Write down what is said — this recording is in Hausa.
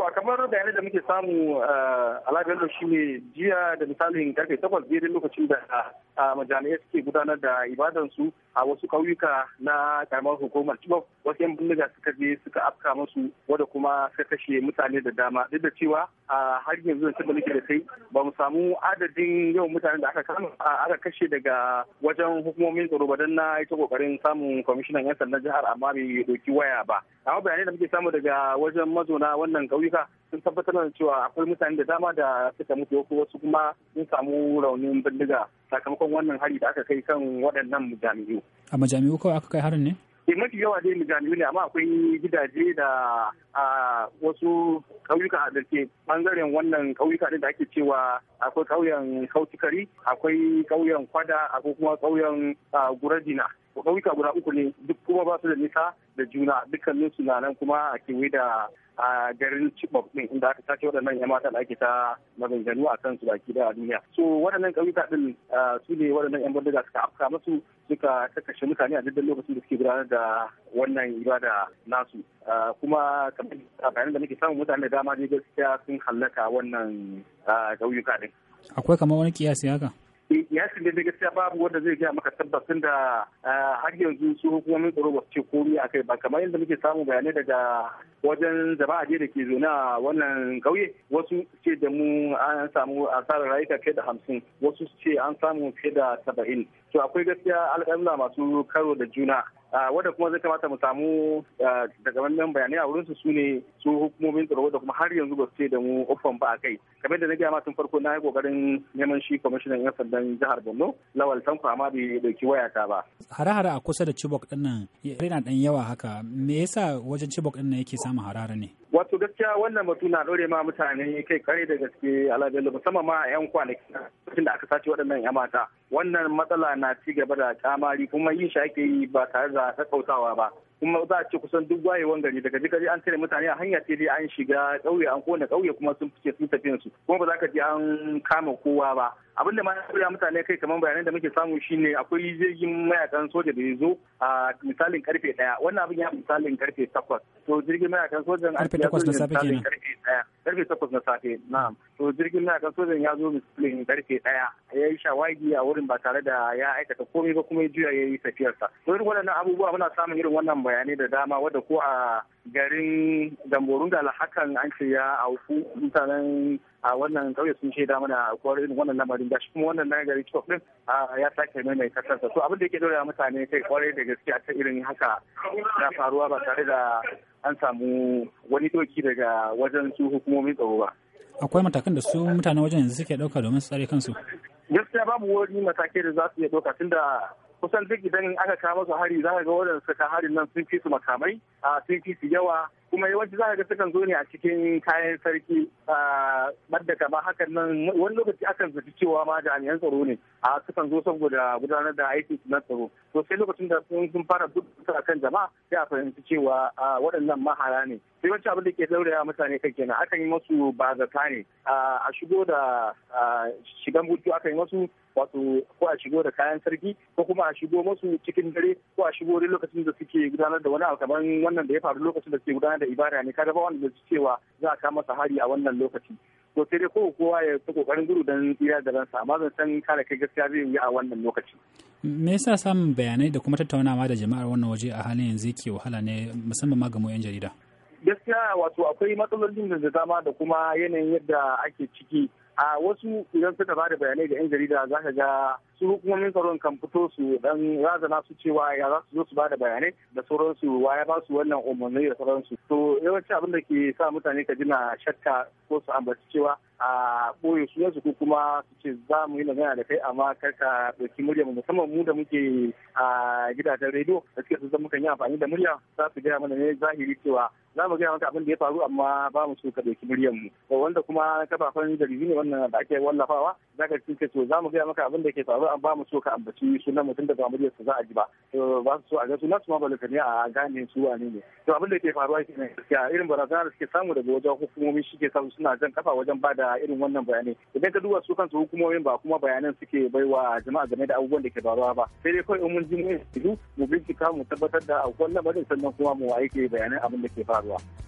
yawa kamar da bayanai da muke samu a labiyar shi ne jiya da misalin karfe takwas daidai lokacin da majami'ai suke gudanar da ibadansu a wasu ƙauyuka na karamar hukumar Chibok wasu 'yan bindiga suka je suka afka musu wadda kuma suka kashe mutane da dama duk da cewa a har yanzu da nake da kai ba mu samu adadin yau mutane da aka kama aka kashe daga wajen hukumomin tsaro ba dan na ita kokarin samun kwamishinan 'yan sandan jihar amma bai doki waya ba amma bayanai da muke samu daga wajen mazauna wannan ƙauyuka sun tabbatar da cewa akwai mutane da dama da suka mutu ko wasu kuma sun samu raunin bindiga sakamakon wannan hari da aka kai kan waɗannan mujami'u. A majami'u kawai aka kai harin ne? Eh mafi yawa dai ne amma akwai gidaje da a wasu ƙauyuka da ke ɓangaren wannan ƙauyuka da ake cewa akwai ƙauyen kautikari akwai ƙauyen kwada akwai kuma ƙauyen guradina. ƙauyuka guda uku ne duk kuma ba su da nisa da juna dukkaninsu su na nan kuma a kewaye da a garin Chibok din inda aka sace waɗannan 'yan mata da ake ta maganganu a kansu baki da a duniya. So waɗannan ƙauyuka din su ne waɗannan 'yan bindiga suka afka musu suka kakkashe mutane a dukkan lokacin da suke gudanar da wannan ibada nasu. Kuma kamar bayanan da muke samun mutane da dama ne gaskiya sun hallaka wannan ƙauyuka din. Akwai kamar wani kiyasi haka? yasin da gaskiya babu wanda zai gaya maka tabbasin da eh, har yanzu su hukumomin tsaro ba su ce komai a kai ba kamar yadda muke samu bayanai daga wajen jama'a da ke zaune a wannan kauye wasu ce da mu an samu asarar rayuka fiye da hamsin wasu ce an samu fiye da saba'in to akwai gaskiya alƙalma masu karo da juna wadda kuma zai kamata mu samu daga wannan bayanai a wurinsu su ne su hukumomin tsaro da kuma har yanzu ba su ce da mu ofan ba a kai kamar da na gaya tun farko na yi kokarin neman shi kwamishinan yan sandan jihar borno lawal tanko amma bai dauki wayata ba hare-hare a kusa da cibok din nan yana dan yawa haka me yasa wajen cibok din nan yake samun harare ne wato gaskiya wannan batu na dore ma mutane kai kare da gaske alajallu musamman ma yan kwanaki lokacin da aka sace waɗannan yan mata wannan matsala na ci gaba da kamari kuma yin shi ake yi ba tare da ba sassautawa ba kuma za a ce kusan duk wayewan gari daga jikaji an tare mutane a hanya sai dai an shiga ƙauye an kona ƙauye kuma sun fice sun tafi su kuma ba za ka ji an kama kowa ba abin da ma ya mutane kai kamar bayanan da muke samu shine akwai jirgin mayakan soja da ya zo a misalin karfe daya wannan abin ya misalin karfe takwas to jirgin mayakan sojan karfe takwas da safe kenan karfe takwas na safe na to jirgin na kan sojan ya zo misplin karfe daya ya yi shawagi a wurin ba tare da ya aikata komai ba kuma ya juya ya yi tafiyarsa to irin waɗannan abubuwa muna samun irin wannan bayanai da dama wadda ko a garin damborun da hakan an ce ya auku mutanen a wannan kauye sun shaida mana aukuwar irin wannan lamarin da shi kuma wannan na gari cikin din ya sake mai mai kasarsa to abin da yake dole mutane kai kwarai da gaske a ta irin haka ya faruwa ba tare da an samu wani doki daga wajen su hukumomin tsaro ba. Akwai matakan da su mutane wajen yanzu suke ɗauka domin su tsare kansu? Gaskiya babu wani matakai da za su iya ɗauka tunda kusan duk idan aka kawo masu hari za ka ga wadanda suka harin nan sun fi su makamai sun fi su yawa kuma yawanci za ga sukan zo ne a cikin kayan sarki madda kama hakan nan wani lokaci akan zaci cewa ma jami'an tsaro ne a sukan zo saboda gudanar da aikin na tsaro to sai lokacin da sun fara gudu akan jama'a sai a fahimci cewa waɗannan mahara ne sai wancan abin da ke dauraya mutane kan kenan akan yi masu bazata ne a shigo da shigan butu akan yi masu wato ko a shigo da kayan sarki ko kuma a shigo masu cikin dare ko a shigo lokacin da suke gudanar da wani alkaman wannan da ya faru lokacin da suke gudanar da ibada ne kaga ba wanda su cewa za a kama masa hari a wannan lokaci to sai dai ko kowa ya ta kokarin gudu dan tsira da ransa amma zan san kare kai gaskiya zai yi a wannan lokaci me yasa samun bayanai da kuma tattaunawa da jama'ar wannan waje a halin yanzu yake wahala ne musamman ma ga mu 'yan jarida gaskiya wato akwai matsalolin da dama da kuma yanayin yadda ake ciki a wasu idan suka ba da bayanai da 'yan jarida za ka ga su hukumomin tsaron kan fito su dan razana su cewa ya za su zo su ba da bayanai da sauransu wa ya ba su wannan umarni da sauransu to yawanci abin da ke sa mutane ka jina shakka ko su ambaci cewa a ɓoye sunansu ko kuma su ce za mu yi magana da kai amma kar ka ɗauki murya mu musamman mu da muke a gidajen rediyo da suke sun mukan yi amfani da murya za su gaya mana ne zahiri cewa za mu gaya maka abin da ya faru amma ba mu so ka ɗauki muryar mu wanda kuma kafafen jaridu ne wannan da ake wallafawa za ka ce to za mu gaya maka abin da ke faru amma ba mu so ka ambaci sunan mutum da ba muryar su za a ji ba ba su so a ga na su ma ba ne a gane su wane ne to abin da ke faruwa ke ne gaskiya irin barazana da suke samu daga wajen hukumomi shi ke samu suna jan kafa wajen ba da irin wannan bayanai idan ka duba su kansu hukumomin ba kuma bayanan suke baiwa jama'a game da abubuwan da ke faruwa ba sai dai kawai mun ji mu bincika mu tabbatar da akwai lamarin sannan kuma mu aike bayanan abin da ke faruwa Ottawa